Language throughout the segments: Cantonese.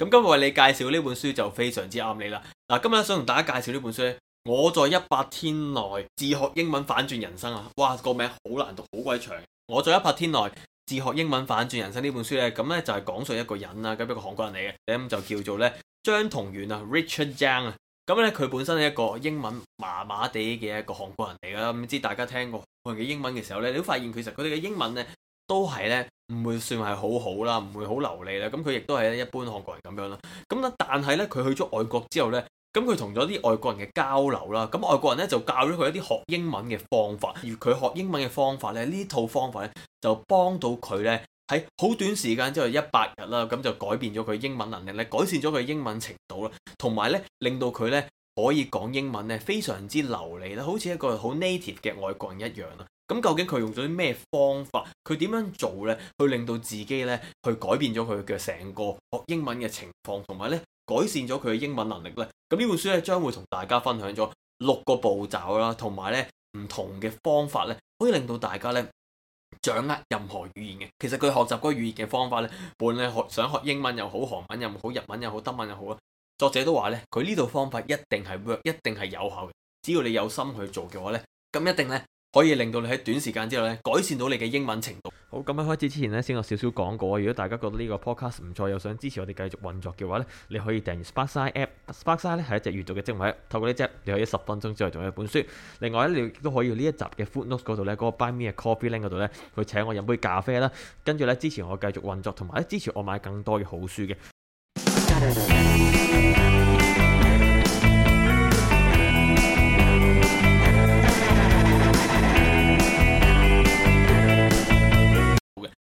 咁今日為你介紹呢本書就非常之啱你啦。嗱，今日想同大家介紹呢本書呢。我在一百天內自學英文反轉人生啊！哇，個名好難讀，好鬼長。我在一百天內自學英文反轉人生呢本書呢，咁呢就係講述一個人啦，咁一個韓國人嚟嘅，咁就叫做呢張同源啊，Richard Zhang 啊。咁呢，佢本身係一個英文麻麻地嘅一個韓國人嚟㗎啦。唔知大家聽過韓國人嘅英文嘅時候呢，你都發現其實佢哋嘅英文呢。都係咧，唔會算係好好啦，唔會好流利啦。咁佢亦都係一般韓國人咁樣啦。咁咧，但係呢，佢去咗外國之後呢，咁佢同咗啲外國人嘅交流啦，咁外國人呢，就教咗佢一啲學英文嘅方法，而佢學英文嘅方法呢，呢套方法呢，就幫到佢呢喺好短時間之後，一百日啦，咁就改變咗佢英文能力咧，改善咗佢英文程度啦，同埋呢，令到佢呢可以講英文呢，非常之流利啦，好似一個好 native 嘅外國人一樣啦。咁究竟佢用咗啲咩方法？佢點樣做呢？去令到自己呢，去改變咗佢嘅成個學英文嘅情況，同埋呢改善咗佢嘅英文能力呢？咁呢本書呢，將會同大家分享咗六個步驟啦，同埋呢唔同嘅方法呢，可以令到大家呢掌握任何語言嘅。其實佢學習嗰個語言嘅方法呢，無論學想學英文又好，韓文又好，日文又好，德文又好啦，作者都話呢，佢呢套方法一定係 work，一定係有效嘅。只要你有心去做嘅話呢，咁一定呢。可以令到你喺短時間之內咧，改善到你嘅英文程度。好，咁、嗯、喺開始之前呢，先有少少講過。如果大家覺得呢個 podcast 唔錯，又想支持我哋繼續運作嘅話呢，你可以訂閱 Sparkside app Sp。Sparkside 咧係一隻閱讀嘅精衛，透過呢隻，你可以十分鐘之內讀一本書。另外呢，你亦都可以喺呢一集嘅 footnotes 嗰度，那個、呢，嗰個 Buy Me a Coffee Link 嗰度呢，去請我飲杯咖啡啦。跟住呢，支持我繼續運作，同埋支持我買更多嘅好書嘅。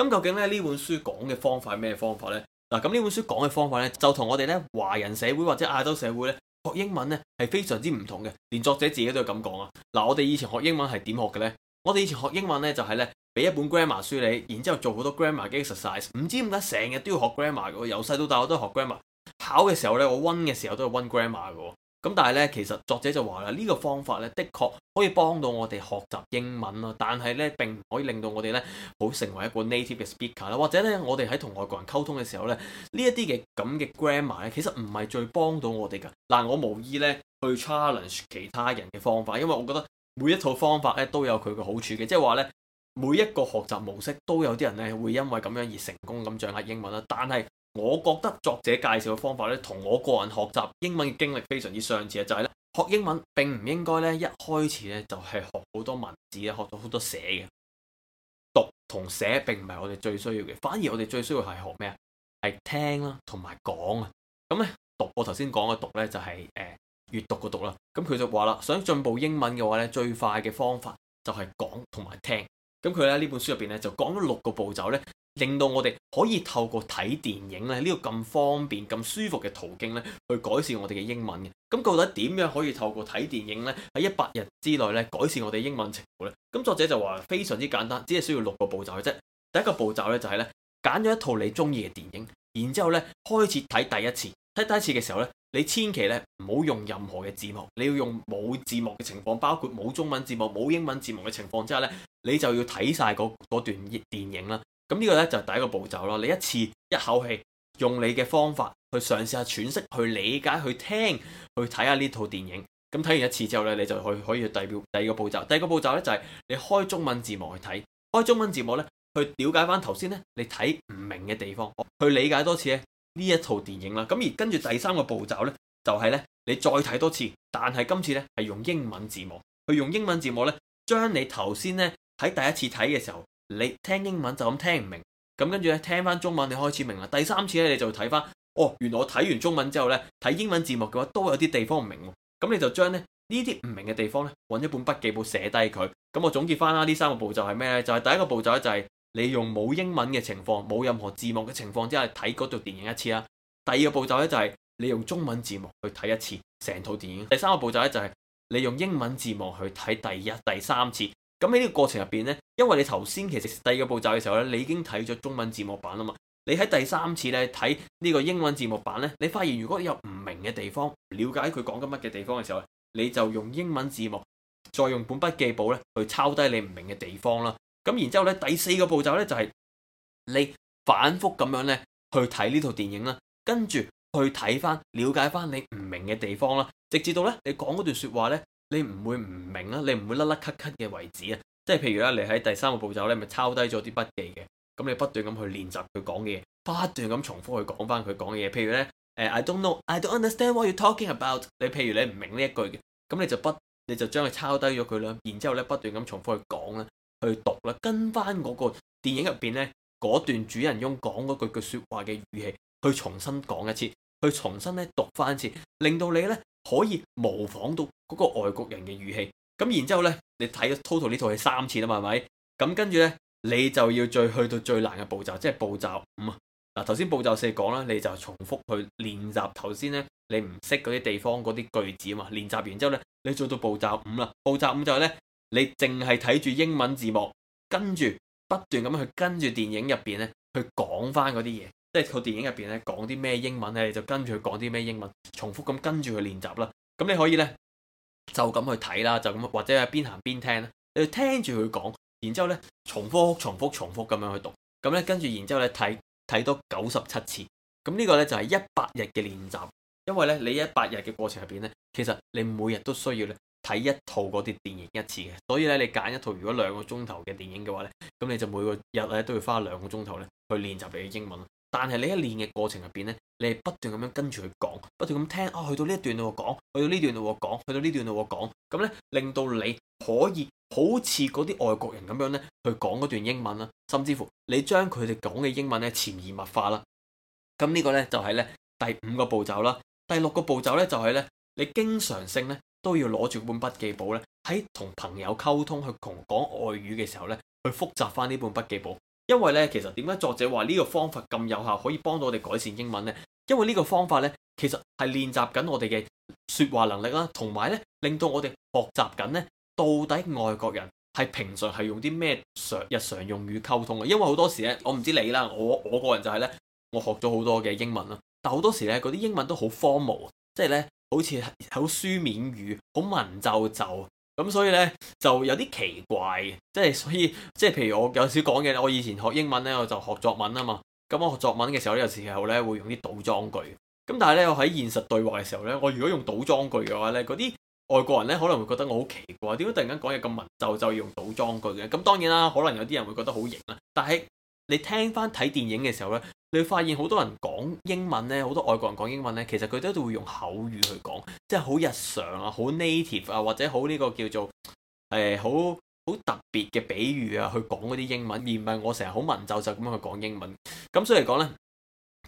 咁究竟咧呢本書講嘅方法係咩方法呢？嗱、啊，咁呢本書講嘅方法呢，就同我哋咧華人社會或者亞洲社會咧學英文咧係非常之唔同嘅。連作者自己都係咁講啊！嗱，我哋以前學英文係點學嘅呢？我哋以前學英文呢，就係咧俾一本 grammar 書你，然之後做好多 grammar 嘅 Exercise。唔知點解成日都要學 grammar。我由細到大我都係學 grammar，考嘅時候呢，我温嘅時候都係温 grammar 嘅。咁但係咧，其實作者就話啦，呢個方法咧，的確可以幫到我哋學習英文啦，但係咧並唔可以令到我哋咧好成為一個 native 嘅 speaker 啦，或者咧我哋喺同外國人溝通嘅時候咧，呢一啲嘅咁嘅 grammar 咧，其實唔係最幫到我哋㗎。嗱，我無意咧去 challenge 其他人嘅方法，因為我覺得每一套方法咧都有佢嘅好處嘅，即係話咧每一個學習模式都有啲人咧會因為咁樣而成功咁掌握英文啦，但係，我覺得作者介紹嘅方法咧，同我個人學習英文嘅經歷非常之相似啊！就係、是、咧，學英文並唔應該咧一開始咧就係、是、學好多文字咧，學到好多寫嘅讀同寫並唔係我哋最需要嘅，反而我哋最需要係學咩啊？係聽啦，同埋講啊！咁咧讀，我頭先講嘅讀咧就係誒閱讀嘅讀啦。咁、嗯、佢就話啦，想進步英文嘅話咧，最快嘅方法就係講同埋聽。咁佢咧呢本書入邊咧就講咗六個步驟咧，令到我哋可以透過睇電影咧呢個咁方便、咁舒服嘅途徑咧，去改善我哋嘅英文嘅。咁到底點樣可以透過睇電影咧喺一百日之內咧改善我哋英文程度呢？咁作者就話非常之簡單，只係需要六個步驟嘅啫。第一個步驟咧就係咧揀咗一套你中意嘅電影，然之後咧開始睇第一次。睇第一次嘅時候咧。你千祈咧唔好用任何嘅字幕，你要用冇字幕嘅情況，包括冇中文字幕、冇英文字幕嘅情況之下呢，你就要睇晒嗰段電影啦。咁、這、呢個呢，就第一個步驟咯。你一次一口氣用你嘅方法去嘗試下揣釋，去理解，去聽，去睇下呢套電影。咁睇完一次之後呢，你就去可以代表第二個步驟。第二個步驟呢，就係你開中文字幕去睇，開中文字幕呢，去了解翻頭先呢你睇唔明嘅地方，去理解多次咧。呢一套電影啦，咁而跟住第三個步驟呢，就係呢：你再睇多次，但係今次呢，係用英文字幕，去用英文字幕呢，將你頭先呢喺第一次睇嘅時候，你聽英文就咁聽唔明，咁跟住呢，聽翻中文，你開始明啦。第三次呢，你就睇翻，哦，原來我睇完中文之後呢，睇英文字幕嘅話，都有啲地方唔明，咁你就將呢呢啲唔明嘅地方呢，揾一本筆記簿寫低佢。咁我總結翻啦，呢三個步驟係咩呢？就係第一個步驟呢，就係。你用冇英文嘅情況，冇任何字幕嘅情況之下，睇嗰套電影一次啦。第二個步驟呢，就係，就係你用中文字幕去睇一次成套電影。第三個步驟呢，就係，就係你用英文字幕去睇第一、第三次。咁喺呢個過程入邊呢，因為你頭先其實第二個步驟嘅時候呢，你已經睇咗中文字幕版啦嘛。你喺第三次呢睇呢個英文字幕版呢，你發現如果有唔明嘅地方，了解佢講緊乜嘅地方嘅時候呢，你就用英文字幕，再用本筆記簿呢去抄低你唔明嘅地方啦。咁然之後咧，第四個步驟咧就係你反複咁樣咧去睇呢套電影啦，跟住去睇翻了解翻你唔明嘅地方啦，直至到咧你講嗰段說話咧，你唔會唔明啦，你唔會甩甩咳咳嘅為止啊！即係譬如啦，你喺第三個步驟咧，咪抄低咗啲筆記嘅，咁你不斷咁去練習佢講嘅嘢，不斷咁重複去講翻佢講嘅嘢。譬如咧，誒，I don't know，I don't understand what you're talking about。你譬如你唔明呢一句嘅，咁你就不你就將佢抄低咗佢啦，然之後咧不斷咁重複去講啦。去讀啦，跟翻嗰個電影入邊呢，嗰段主人翁講嗰句句說話嘅語氣，去重新講一次，去重新咧讀翻一次，令到你呢可以模仿到嗰個外國人嘅語氣。咁然之後咧，你睇咗 Total 呢套戲三次啊嘛，係咪？咁跟住呢，你就要再去到最難嘅步驟，即係步驟五啊。嗱，頭先步驟四講啦，你就重複去練習頭先呢，你唔識嗰啲地方嗰啲句子啊嘛。練習完之後呢，你做到步驟五啦。步驟五就係呢。你淨係睇住英文字幕，跟住不斷咁樣去跟住電影入邊咧去講返嗰啲嘢，即係個電影入邊咧講啲咩英文咧，你就跟住佢講啲咩英文，重複咁跟住佢練習啦。咁你可以咧就咁去睇啦，就咁或者係邊行邊聽啦，你就聽住佢講，然之後咧重複重複重複咁樣去讀，咁咧跟住然之後咧睇睇多九十七次，咁呢個咧就係一百日嘅練習，因為咧你一百日嘅過程入邊咧，其實你每日都需要咧。睇一套嗰啲電影一次嘅，所以咧你揀一套如果兩個鐘頭嘅電影嘅話呢，咁你就每個日咧都要花兩個鐘頭咧去練習你嘅英文。但係你一練嘅過程入邊呢，你係不斷咁樣跟住佢講，不斷咁聽啊，去到呢一段度講，去到呢段度講，去到呢段度講，咁呢，令到你可以好似嗰啲外國人咁樣呢去講嗰段英文啦，甚至乎你將佢哋講嘅英文呢潛移默化啦。咁呢個呢，就係呢第五個步驟啦，第六個步驟呢，就係呢你經常性呢。都要攞住本筆記簿咧，喺同朋友溝通去同講外語嘅時候咧，去複習翻呢本筆記簿。因為咧，其實點解作者話呢個方法咁有效，可以幫到我哋改善英文呢？因為呢個方法咧，其實係練習緊我哋嘅説話能力啦，同埋咧，令到我哋學習緊咧，到底外國人係平常係用啲咩常日常用語溝通啊？因為好多時咧，我唔知你啦，我我個人就係咧，我學咗好多嘅英文啦，但好多時咧，嗰啲英文都好荒謬，即係咧。好似好書面語，好文縐縐咁，所以呢，就有啲奇怪嘅，即係所以即係譬如我有少講嘢我以前學英文呢，我就學作文啊嘛。咁我學作文嘅時候呢，有時候呢會用啲倒裝句。咁但係呢，我喺現實對話嘅時候呢，我如果用倒裝句嘅話呢，嗰啲外國人呢可能會覺得我好奇怪，點解突然間講嘢咁文縐就要用倒裝句嘅？咁當然啦，可能有啲人會覺得好型啦，但係。你聽翻睇電影嘅時候呢，你會發現好多人講英文呢，好多外國人講英文呢，其實佢都都會用口語去講，即係好日常啊、好 native 啊，或者好呢個叫做誒好好特別嘅比喻啊，去講嗰啲英文，而唔係我成日好文縐縐咁樣去講英文。咁所以嚟講咧，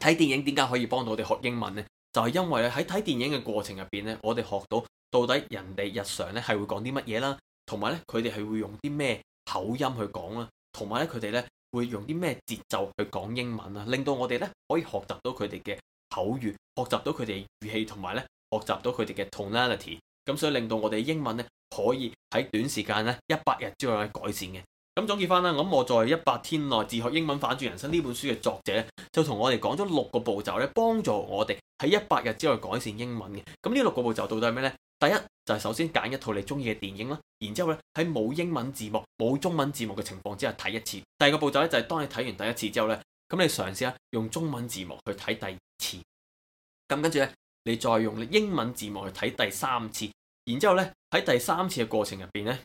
睇電影點解可以幫到我哋學英文呢？就係因為咧喺睇電影嘅過程入邊呢，我哋學到到底人哋日常呢，係會講啲乜嘢啦，同埋呢佢哋係會用啲咩口音去講啦，同埋咧佢哋呢。會用啲咩節奏去講英文啊？令到我哋咧可以學習到佢哋嘅口語，學習到佢哋語氣，同埋咧學習到佢哋嘅 Tonality。咁、嗯、所以令到我哋英文咧可以喺短時間咧一百日之內改善嘅。咁、嗯、總結翻啦，咁我，我在一百天內自學英文反轉人生呢本書嘅作者呢就同我哋講咗六個步驟咧，幫助我哋喺一百日之內改善英文嘅。咁、嗯、呢六個步驟到底係咩呢？第一就係、是、首先揀一套你中意嘅電影啦，然之後咧喺冇英文字幕、冇中文字幕嘅情況之下睇一次。第二個步驟咧就係、是、當你睇完第一次之後咧，咁你嘗試下用中文字幕去睇第二次。咁跟住咧，你再用英文字幕去睇第三次。然之後咧喺第三次嘅過程入邊咧，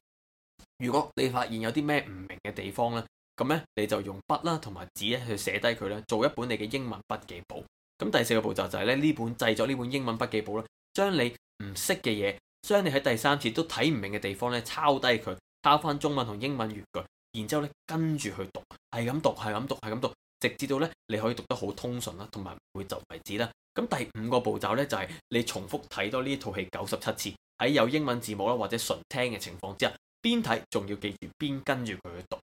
如果你發現有啲咩唔明嘅地方咧，咁咧你就用筆啦同埋紙咧去寫低佢咧，做一本你嘅英文筆記簿。咁第四個步驟就係咧呢本製作呢本英文筆記簿啦，將你，唔識嘅嘢，將你喺第三次都睇唔明嘅地方咧，抄低佢，抄翻中文同英文語句，然之後咧跟住去讀，係咁讀，係咁讀，係咁讀，讀，直至到咧你可以讀得好通順啦，同埋唔會就為止啦。咁第五個步驟咧就係你重複睇多呢套戲九十七次，喺有英文字幕啦或者純聽嘅情況之下，邊睇仲要記住邊跟住佢去讀，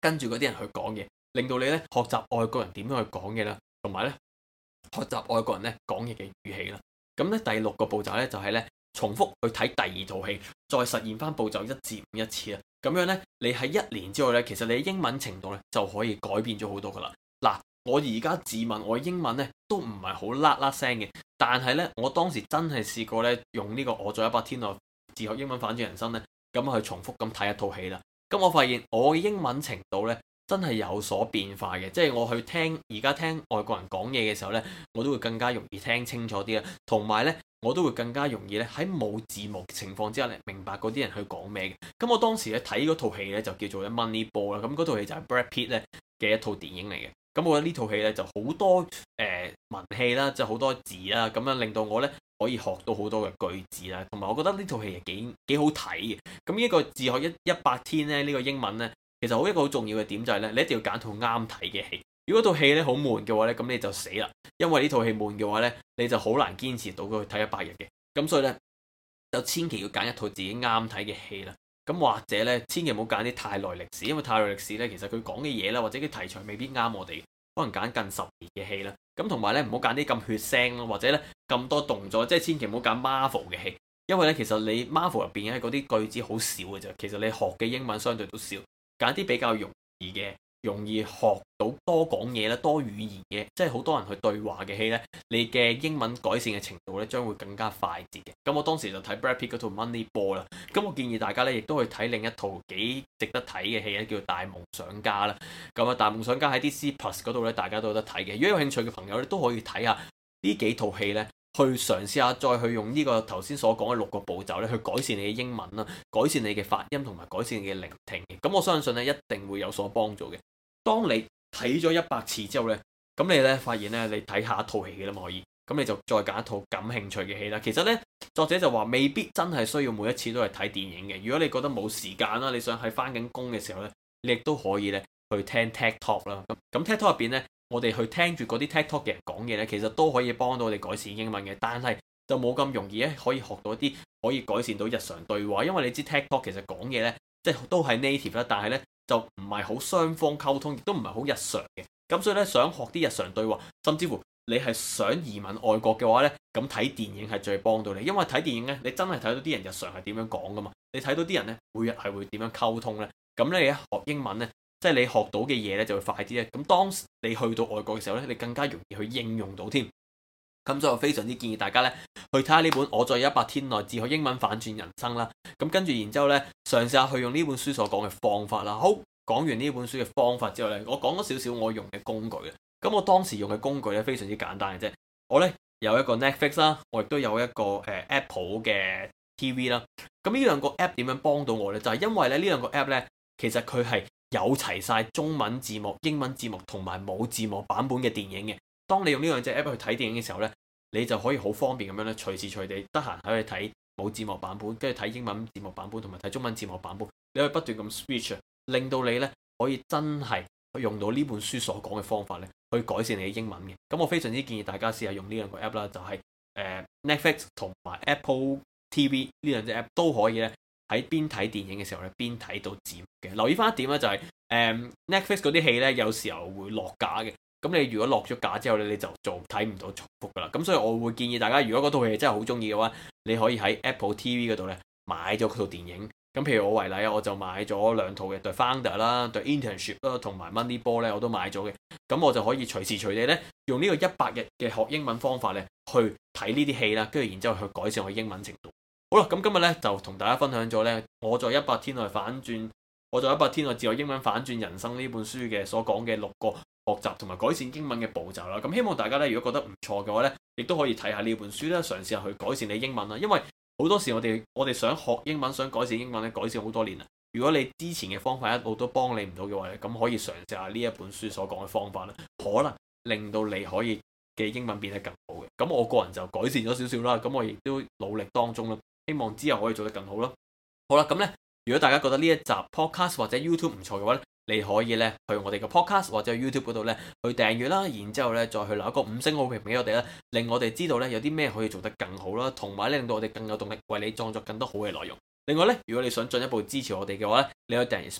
跟住嗰啲人去講嘢，令到你咧學習外國人點樣去講嘢啦，同埋咧學習外國人咧講嘢嘅語氣啦。咁咧第六個步驟咧就係咧重複去睇第二套戲，再實現翻步驟一至五一次啊！咁樣呢，你喺一年之外呢，其實你嘅英文程度呢，就可以改變咗好多噶啦。嗱，我而家自問我英文呢，都唔係好啦啦聲嘅，但係呢，我當時真係試過呢，用呢、這個《我在一百天內自學英文反轉人生》呢，咁去重複咁睇一套戲啦。咁我發現我嘅英文程度呢。真係有所變化嘅，即係我去聽而家聽外國人講嘢嘅時候呢，我都會更加容易聽清楚啲啦，同埋呢，我都會更加容易咧喺冇字幕嘅情況之下咧明白嗰啲人去講咩嘅。咁我當時咧睇嗰套戲呢，就叫做《Moneyball》啦，咁嗰套戲就係 Brad Pitt 咧嘅一套電影嚟嘅。咁我覺得呢套戲呢，就好多誒、呃、文氣啦，就好多字啦，咁樣令到我呢，可以學到好多嘅句子啦，同埋我覺得呢套戲係幾幾好睇嘅。咁一、呢個自學一一百天呢，呢、呢個英文呢。其實好一個好重要嘅點就係咧，你一定要揀套啱睇嘅戲。如果套戲咧好悶嘅話咧，咁你就死啦。因為呢套戲悶嘅話咧，你就好難堅持到佢去睇一百日嘅。咁所以咧就千祈要揀一套自己啱睇嘅戲啦。咁或者咧千祈唔好揀啲太耐歷史，因為太耐歷史咧，其實佢講嘅嘢啦，或者啲題材未必啱我哋。可能揀近十年嘅戲啦，咁同埋咧唔好揀啲咁血腥咯，或者咧咁多動作，即係千祈唔好揀 Marvel 嘅戲，因為咧其實你 Marvel 入邊嘅啲句子好少嘅啫，其實你學嘅英文相對都少。揀啲比較容易嘅、容易學到多講嘢啦、多語言嘅，即係好多人去對話嘅戲呢，你嘅英文改善嘅程度咧將會更加快捷嘅。咁我當時就睇 Brad Pitt 嗰套 Money Ball 啦。咁我建議大家呢，亦都去睇另一套幾值得睇嘅戲咧，叫《大夢想家》啦。咁啊，《大夢想家》喺 DC Plus 嗰度呢，大家都有得睇嘅。如果有興趣嘅朋友咧，你都可以睇下呢幾套戲呢。去嘗試下，再去用呢個頭先所講嘅六個步驟咧，去改善你嘅英文啦，改善你嘅發音同埋改善你嘅聆聽。咁我相信咧，一定會有所幫助嘅。當你睇咗一百次之後呢，咁你呢發現呢，你睇下一套戲嘅啦，可以，咁你就再揀一套感興趣嘅戲啦。其實呢，作者就話未必真係需要每一次都係睇電影嘅。如果你覺得冇時間啦，你想喺翻緊工嘅時候呢，你亦都可以呢去聽 TikTok 啦。咁咁 TikTok 入邊呢。我哋去聽住嗰啲 TikTok 嘅人講嘢呢，其實都可以幫到我哋改善英文嘅，但係就冇咁容易咧，可以學到啲可以改善到日常對話。因為你知 TikTok 其實講嘢呢，即係都係 native 啦，但係呢就唔係好雙方溝通，亦都唔係好日常嘅。咁所以呢，想學啲日常對話，甚至乎你係想移民外國嘅話呢，咁睇電影係最幫到你，因為睇電影呢，你真係睇到啲人日常係點樣講噶嘛，你睇到啲人呢，每日係會點樣溝通呢？咁你咧學英文呢。即係你學到嘅嘢咧就會快啲咧，咁當時你去到外國嘅時候咧，你更加容易去應用到添。咁所以我非常之建議大家咧去睇下呢本《我在一百天內自學英文反轉人生》啦。咁跟住然之後咧嘗試下去用呢本書所講嘅方法啦。好，講完呢本書嘅方法之後咧，我講咗少少我用嘅工具啦。咁我當時用嘅工具咧非常之簡單嘅啫。我咧有一個 Netflix 啦，我亦都有一個誒、uh, Apple 嘅 TV 啦。咁呢兩個 App 點樣幫到我呢？就係、是、因為咧呢兩個 App 咧其實佢係。有齊晒中文字幕、英文字幕同埋冇字幕版本嘅電影嘅。當你用呢兩隻 app 去睇電影嘅時候呢，你就可以好方便咁樣咧，隨時隨地得閒喺度睇冇字幕版本，跟住睇英文字幕版本，同埋睇中文字幕版本，你可以不斷咁 switch，令到你呢可以真係用到呢本書所講嘅方法呢，去改善你嘅英文嘅。咁我非常之建議大家試下用呢兩個 app 啦，就係、是、誒、呃、Netflix 同埋 Apple TV 呢兩隻 app 都可以呢。喺邊睇電影嘅時候咧，邊睇到字嘅。留意翻一點咧，就是，就係誒 Netflix 嗰啲戲咧，有時候會落架嘅。咁你如果落咗架之後咧，你就做睇唔到重複噶啦。咁所以我會建議大家，如果嗰套戲真係好中意嘅話，你可以喺 Apple TV 嗰度咧買咗嗰套電影。咁譬如我為例，我就買咗兩套嘅《The Founder》啦，《The Internship》啦，同埋《Moneyball》咧，我都買咗嘅。咁我就可以隨時隨地咧，用呢個一百日嘅學英文方法咧，去睇呢啲戲啦，跟住然之後去改善我英文程度。好啦，咁今日呢，就同大家分享咗呢，我在一百天內反轉，我在一百天內自學英文反轉人生呢本書嘅所講嘅六個學習同埋改善英文嘅步驟啦。咁希望大家呢，如果覺得唔錯嘅話呢，亦都可以睇下呢本書啦，嘗試下去改善你英文啦。因為好多時我哋我哋想學英文，想改善英文咧，改善好多年啦。如果你之前嘅方法一路都幫你唔到嘅話呢，咁可以嘗試下呢一本書所講嘅方法啦，可能令到你可以嘅英文變得更好嘅。咁我個人就改善咗少少啦，咁我亦都努力當中啦。希望之後可以做得更好咯。好啦，咁呢，如果大家覺得呢一集 podcast 或者 YouTube 唔錯嘅話咧，你可以呢去我哋嘅 podcast 或者 YouTube 嗰度呢去訂閱啦，然之後咧，再去留一個五星好評俾我哋啦，令我哋知道呢有啲咩可以做得更好啦，同埋令到我哋更有動力為你創作更多好嘅內容。另外呢，如果你想進一步支持我哋嘅話咧，你可以訂閱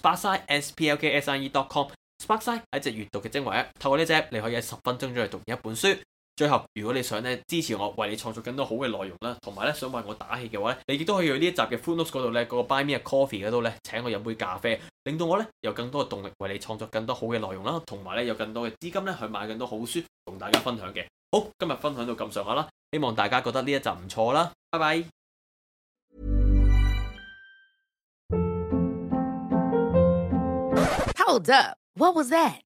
sparkside.splksie.com。Sparkside 係一隻閱讀嘅精華，透過呢隻你可以喺十分鐘之內讀完一本書。最後，如果你想咧支持我，為你創作更多好嘅內容啦，同埋咧想為我打氣嘅話咧，你亦都可以去呢一集嘅 footnotes 嗰度咧，嗰個 Buy Me A Coffee 嗰度咧請我飲杯咖啡，令到我咧有更多嘅動力為你創作更多好嘅內容啦，同埋咧有更多嘅資金咧去買更多好書同大家分享嘅。好，今日分享到咁上下啦，希望大家覺得呢一集唔錯啦，拜拜。Hold What was that?